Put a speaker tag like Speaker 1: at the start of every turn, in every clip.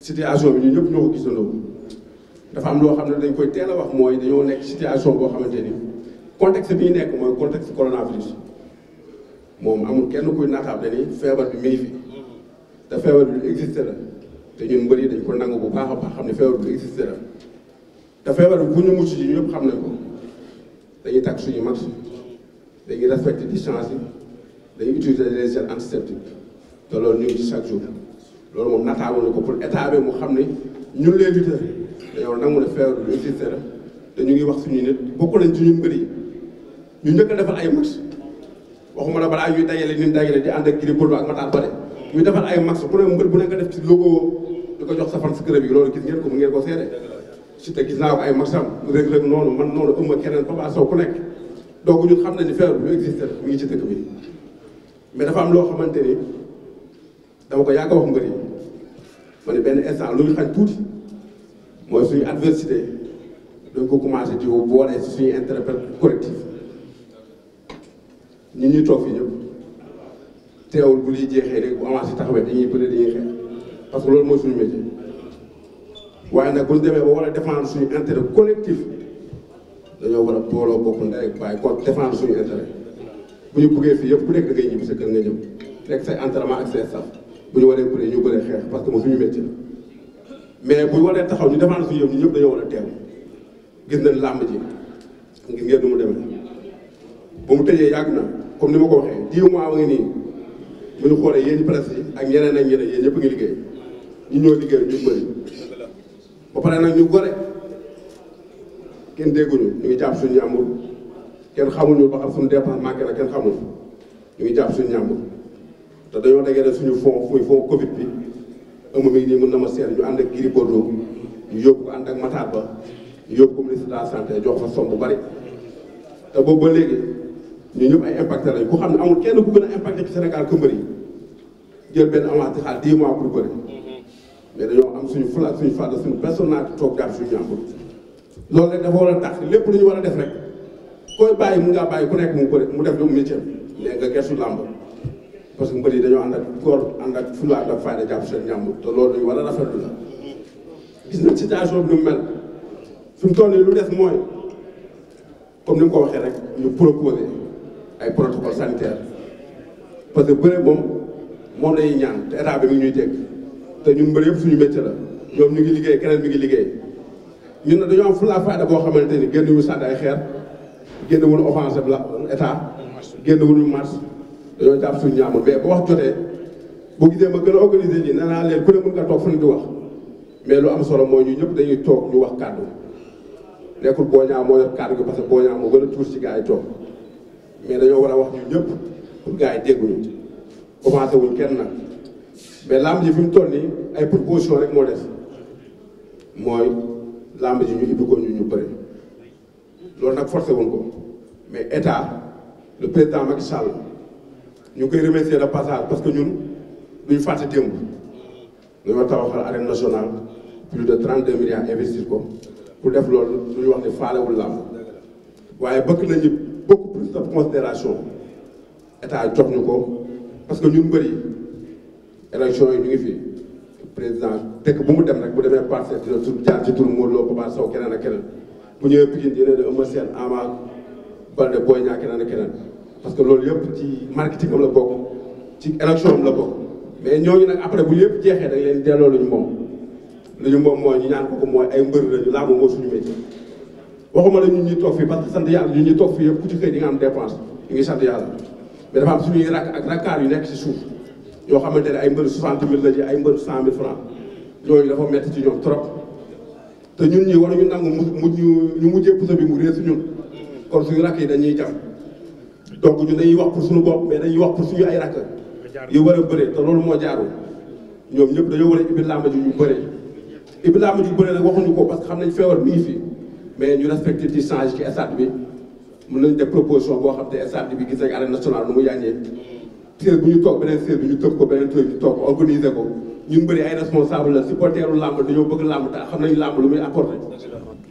Speaker 1: situation bi ñu ñëpp ñoo ko gisandoo dafa am loo xam ne dañ koy teel wax mooy dañoo nekk situation boo xamante ni contexte bi ñu nekk mooy contexte coronavirus moom amul kenn kuy naataab ni feebar bi mi ngi te feebar bi lu existe la te ñun mbër yi dañ ko nangu bu baax a baax xam ne feebar bi existé la te feebar bi bu ñu mucc ji ñëpp xam ne ko dañuy takk suñu mag dañuy respecté distance yi dañuy utiliser les gels antiseptiques te loolu ñu ngi chaque jour loolu moom nattaawoon ko pour état bi mu xam ne ñun les lutteurs dañoo nangu ne feebar bi existé la te ñu ngi wax suñu nit bokk nañ ci ñun mbër yi ñu njëkk a defal ay match waxuma la balaa ñuy dajale ñun dajale di ànd ak Gris Bordeaux ak Matar Baldé ñu defal ay max bu ne mbër bu nekk def ci logo di ko jox sa fan si club yi loolu gis ngeen ko mu ngeen ko seede si te gis naa ko ay maxam Reug Reug noonu man noonu ëmb keneen Papa Sow ku nekk donc ñun xam nañ ni feebar bi lu existé mu ngi ci dëkk bi mais dafa am loo xamante ni dama ko yàgg a wax mbër yi ma ne benn instant lu ñu xañ tuuti mooy suñu adversité dañ ko commencé di ko boole si suñu intérêt collectif ñi ñuy toog fii ñëpp teewul bu lii jeexee rek bu avancé taxawee dañuy bëri dañuy xeex parce que loolu mooy suñu métier waaye nag bu ñu demee ba war a défendre suñu intérêt dañoo war a booloo bokk ndey ak bàyyi kon défendre suñu bu ñu buggee fii yëpp ku nekk da ngay ñibbi sa kër nga ñëw rek say entraînement ak say staff bu ñu waree bëree ñu bëree xeex parce que mooy suñu métier mais bu waree taxaw ñu défendre suñu yëpp ñu ñëpp dañoo war a teew gis nañ làmb ji ngir ngeen du mu demee mu tëjee yàgg na comme ni ma ko waxee 10 a ngi nii. bu ñu xoolee yéen presse yi ak ñeneen ak ñeneen yéen ñëpp ngi liggéey ñu ñoo liggéey ñu bëri ba pare nag ñu gore kenn dégguñu ñu ngi jàpp suñu ñàmbur kenn xamuñu ba xam suñu dépense manqué na kenn xamuñu ñu ngi jàpp suñu ñàmbur te dañoo dajale suñu fond fuy fond Covid bi ëmb mi nii mën na ma seet ñu ànd ak Gris Bordeaux ñu yóbbu ko ànd ak Matar Ba ñu yóbbu ko ministre de la santé jox fa somme bu bari te boobu ba léegi ñu ñëpp ay impacté lañ ku xam ne amul kenn ku gën a impacté ci Sénégal que yi jël benn avance di xaar 10 mois pour bëri mais dañoo am suñu fula suñu fàtte suñu personnalité toog jàpp suñu jàmbur loolu rek dafa war a tax lépp lu ñu war a def rek koy bàyyi mu ngaa bàyyi ku nekk mu bëri mu def lu métier mais nga gëstu làmb parce que mbër yi dañoo ànd ak góor ànd ak fula ak fayda jàpp seen jàmbur war a rafetlu la gis na situation bi nu mel mu toll nii mooy comme ni mu ko waxee rek ñu proposé ay protocole sanitaire parce que moom. moom lañuy ñaan te état bi mu ñuy teg te ñun mbër yëpp suñu métier la ñoom ñu ngi liggéey keneen mi ngi liggéey ñun na dañoo am fulla fayda boo xamante ni génn wu sànni ay xeer génn wul offense la état génn wul mars dañoo jàpp suñu ñaamul mais bu wax jotee bu gisee ma gën a organiser ji nee naa leen ku ne mën nga toog fu ne di wax mais lu am solo mooy ñu ñëpp dañuy toog ñu wax kàddu nekkul booñaa moo yor kàddu parce que booñaa moo gën a tuur ci gars yi toog mais dañoo war a wax ñu ñëpp pour gars yi dégguñu commencé wuñ kenn nag mais làmb ji fi mu toll nii ay proposition rek moo des mooy làmb ji ñu ubbi ko ñu ñu bëri loolu nag forcé wuñ ko mais état le président Macky Sall ñu koy remercier de passage parce que ñun duñ fàtte démb dañoo tabaxal arène nationale plus de 32 milliards investir ko pour def loolu lu ñu wax ne faalewul làmb waaye bëgg nañu beaucoup plus de état jox ñu ko. parce que ñun bëri élection yi ñu ngi fi président teg bu mu dem rek bu demee passé dina tur jaar ci tur Modou Lo Papa Sow keneen ak keneen bu ñëwee Pikine yeneen di Eumeu Sène Ama parce que loolu yëpp ci marketing am la bokk ci élection am la bokk mais ñu nag après bu yëpp jeexee da leen delloo lu ñu moom lu ñu moom mooy ñu ñaan ko ko mooy ay mbër lañu laa moom moo suñu métier waxuma la ñun ñuy toog fii parce que sant yàlla ñun ñuy toog fii yëpp ku ci xëy di nga am dépense mais dafa am suñuy rakk ak rakkaar yu nekk ci suuf yoo xamante ne ay mbëru 60 mille la ji ay mbëru 100 mille francs yooyu dafa metti ci ñoom trop te ñun ñii ñi waruñu nangu mu ñu mujjee puso bi mu réer si ñun kon suñu rakk yi dañuy jam donc ñun dañuy wax pour suñu bopp mais dañuy wax pour suñu ay rakk yu war a bëree te loolu moo jaarul ñoom ñëpp dañoo war a ibbi làmb ji ñu bëree ibbi làmb ji ñu bëree nag waxuñu ko parce que xam nañ feebar mi ngi fi mais ñu respecté ci change ci stade bi mun nañ def proposition boo xam te stade bi gis rek arène nationale nu mu yàññee siège bu ñu toog beneen siège bi ñu tëb ko beneen siège bi ñu toog ko organiser ko ñun bëri ay responsable la supporteeru làmb dañoo bëgg làmb te xam nañu làmb lu muy apporté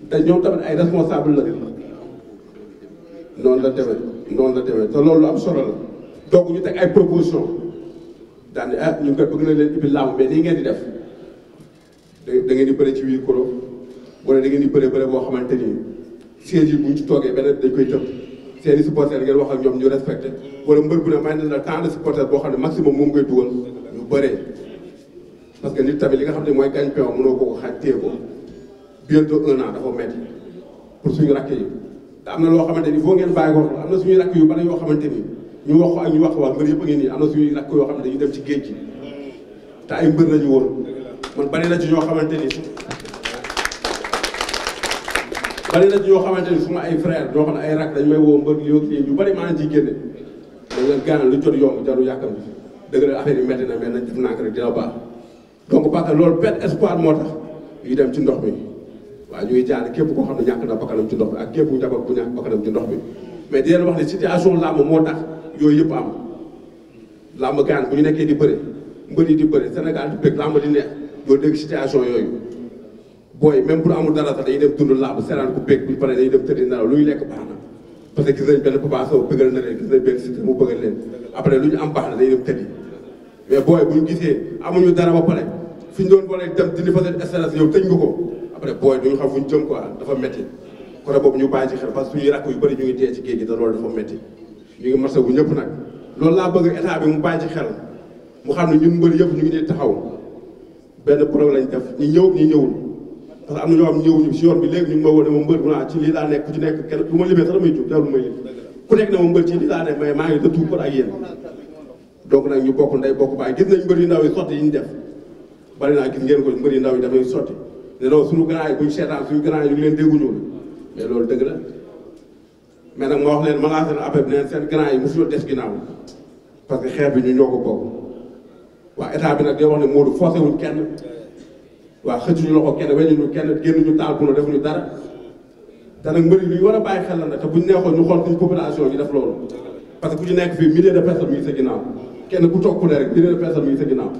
Speaker 1: te ñoom tamit ay responsable la noonu la demee noonu la demee te loolu am solo la ñu teg ay proposition daan ni ah ñu kat bëgg nañ leen ubbi làmb mais nii ngeen di def da ngeen di bëri ci wii koro wala da ngeen di bëri bëri boo xamante nii siège yi bu ñu ci toogee beneen dañ koy tëb seen i supporters ngeen wax ak ñoom ñu respecté wala mbër bu ne may na parce que nit tamit li nga xam ne mooy gañ pew ko ko xaaj téye ko bientôt un an dafa am na loo xamante ni foo ngeen bàyyi am na suñu rakk yu bari yoo xamante ni ñu wax ko ak ñu wax waa mbër yëpp a ngi nii am na suñu rakk yoo xam ne dañu dem ci géej gi te ay mbër lañu woon man bari na ci ñoo xamante ni bari na ñoo xamante ni suma ay frère ñoo xam ne ay rak dañ may woo mbër yoo kii ñu bari maa ngi ciy génne dañ leen gaanal lu jot yomb jaru yàkkam bi dëgg la affaire yi métti na mais nañ def nànk rek dina baax donc parce que loolu moo tax ñuy ci ndox mi waaw ñuy jaale képp koo xam ne ñàkk na bakkanam ci ndox ak képp ku njaboot bu ñàkk bakkanam ci ndox mi mais di leen wax ne situation làmb moo tax yooyu yëpp am làmb gaan bu ñu nekkee di bëre mbër yi di bëre Sénégal di bëgg làmb di neex doo dégg situation yooyu booy même bu amul dara sax dañuy dem dund laabu seraan ku beeg bu ñu paree dañuy que gis nañ benn Papa Sow bëggal na leen amuñu dara ba pare fi ñu doon boolee dem dindi fa seen stress ko après booy duñu xam fu ñu jëm quoi ñu bàyyi ci xel parce que yu bëri ñu ngi dee ci géej gi te loolu dafa metti ñu ngi marché bu laa bëgg état bi mu bàyyi ci xel mu xam ñu ñun mbër yëpp ñu ngi ne taxaw benn problème lañ def ñu ñëw ñu ñëwul parce que am na ñoo xam ñëwuñu si yoon bi léegi ñu ngi ma woo ne ma mbër mu naa ci lii laa nekk ku ci nekk kenn du ma limee sax damay jóg daal may maa ngi de tout pour ak yéen donc nag ñu bokk nday bokk baay gis nañ mbër yu ndaw yi sotti yi ñu def bari naa gis ko mbër yu ndaw yi dafay sotti ne non suñu grand yi buñ seetaan suñu grand yi ñu ngi leen dégguñu mais loolu dëgg la mais nag ma wax leen ma laa seen appel neen seen grand yi mosuñu des ginnaaw parce que xeex bi ñu ñoo ko bokk waa état bi nag day wax ne Modou forcé wuñ waaw xëccuñu loxo kenn weñuñu kenn génnuñu taal bu defuñu dara te nag mbëri li war a bàyyi xel la nag te buñ neexoon ñu xool suñu population ñu def loolu parce que ku ci nekk fii milliers de personnes mi ngi sa ginnaaw kenn ku toog ku ne rek milliers de personnes mi ngi sa ginnaaw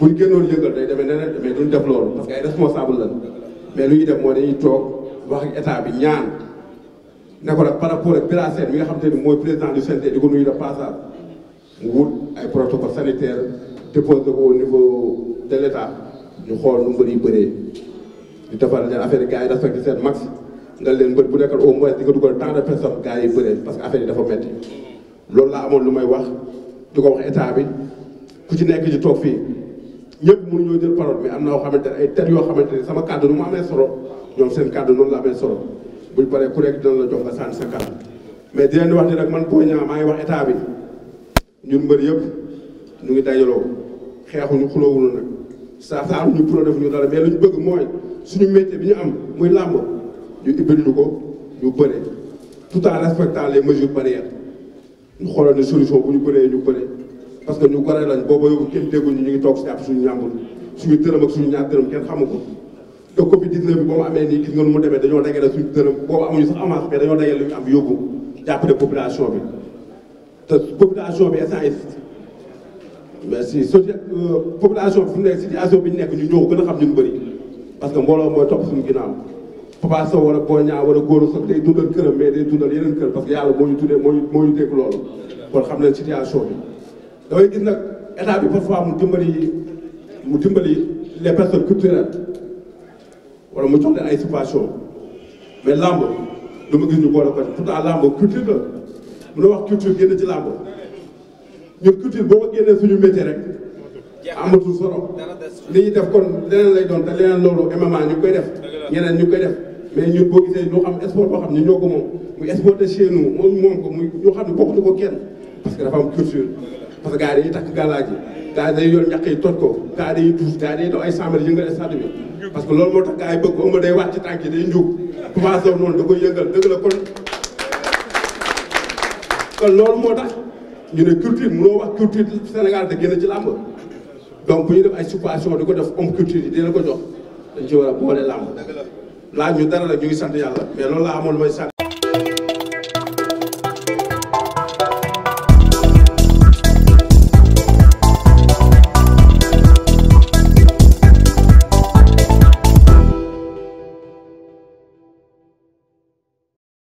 Speaker 1: buñ génnoon yëngal day demee neneen mais duñ def loolu parce que ay responsable lañ mais lu ñuy def mooy dañuy toog wax ak état bi ñaan ne ko nag par rapport ak Bira Sène mi nga xam te ni mooy président du CNG di ko nuyu de passage mu wut ay protocole sanitaire déposé ko au niveau de l' ñu xool nu mbër yi bëree di defal leen affaire yi gars yi respecté seen max nga leen bër bu nekkal au moins di nga dugal tant de personnes gars yi bëree parce que affaire yi dafa metti loolu laa amoon lu may wax di ko wax état bi ku ci nekk ci toog fii ñëpp mënuñoo jël parole mais am na yoo ne ay tët yoo xamante ne sama kàddu nu mu amee solo ñoom la amee solo buñ paree ku nekk dina la jox nga sànni sa kàddu mais di leen di wax ne rek man boo ñëwaat maa ngi wax état bi ñun mbër yëpp ñu ngi dajaloo xeexuñu xuloowuñu nag. sa am ñu pour def ñu dara mais li ñu bëgg mooy suñu métier bi ñu am muy làmb ñu ibbil ñu ko ñu bëre tout en respectant les mesures barrières ñu xoolal ne solution bu ñu bëree ñu bëre parce que ñu gore lañ booba yóbbu kenn dégguñu ñu ngi toog si ab suñu ñàmbur suñu dërëm ak suñu ñaar dërëm kenn xamu ko te Covid 19 bi boo ma amee nii gis nga nu mu demee dañoo dajale suñu dërëm boobu amuñu sax avance mais dañoo dajale lu ñu am yóbbu jàppale population bi te population bi merci soti euh, population bi fu mu nekk situation bi ñu nekk ñu ñëw gën a xam ñu mu bëri parce que mbooloo mooy topp suñu ginnaaw Papa Sow wala Boña wala góoru sax day dundal këram mais day dundal yeneen kër parce que yàlla moo ñu tuddee moo ñu moo ñu dégg loolu kon xam nañ situation bi damay gis nag état bi parfois mu dimbali mu dimbali les personnes culturelles mu jox leen ay mais làmb lu ma ñu boole ko pourtant làmb culture la mun a wax culture génn ci làmb ñu culture boo ko génnee suñu métier rek amatul solo li ñuy def kon leneen lay doon te leneen loolu MMA ñu koy def ñeneen ñu koy def mais ñun boo gisee ñu xam sport boo xam ne ñoo ko moom muy sport de chez moom ko muy ñoo xam ne bokkuñu ko kenn parce que dafa am culture parce que gars yi dañuy takk gàllaaj yi gars yi dañuy yor ñàkk yi toj ko gars yi dañuy tuus gars yi dañuy ay cent bi parce que loolu moo tax gars yi bëgg ko ëmb day wàcc ci tànk yi day njuug commencé noonu da koy yëngal dëgg la kon kon loolu ñu ne culture mënoo wax culture Sénégal te génn ci làmb donc bu ñu def ay subvention di ko def homme culture yi dina ko jox dañ ci war a boole làmb laaj ñu dara nag ñu ngi sant yàlla la loolu laa amoon mooy sant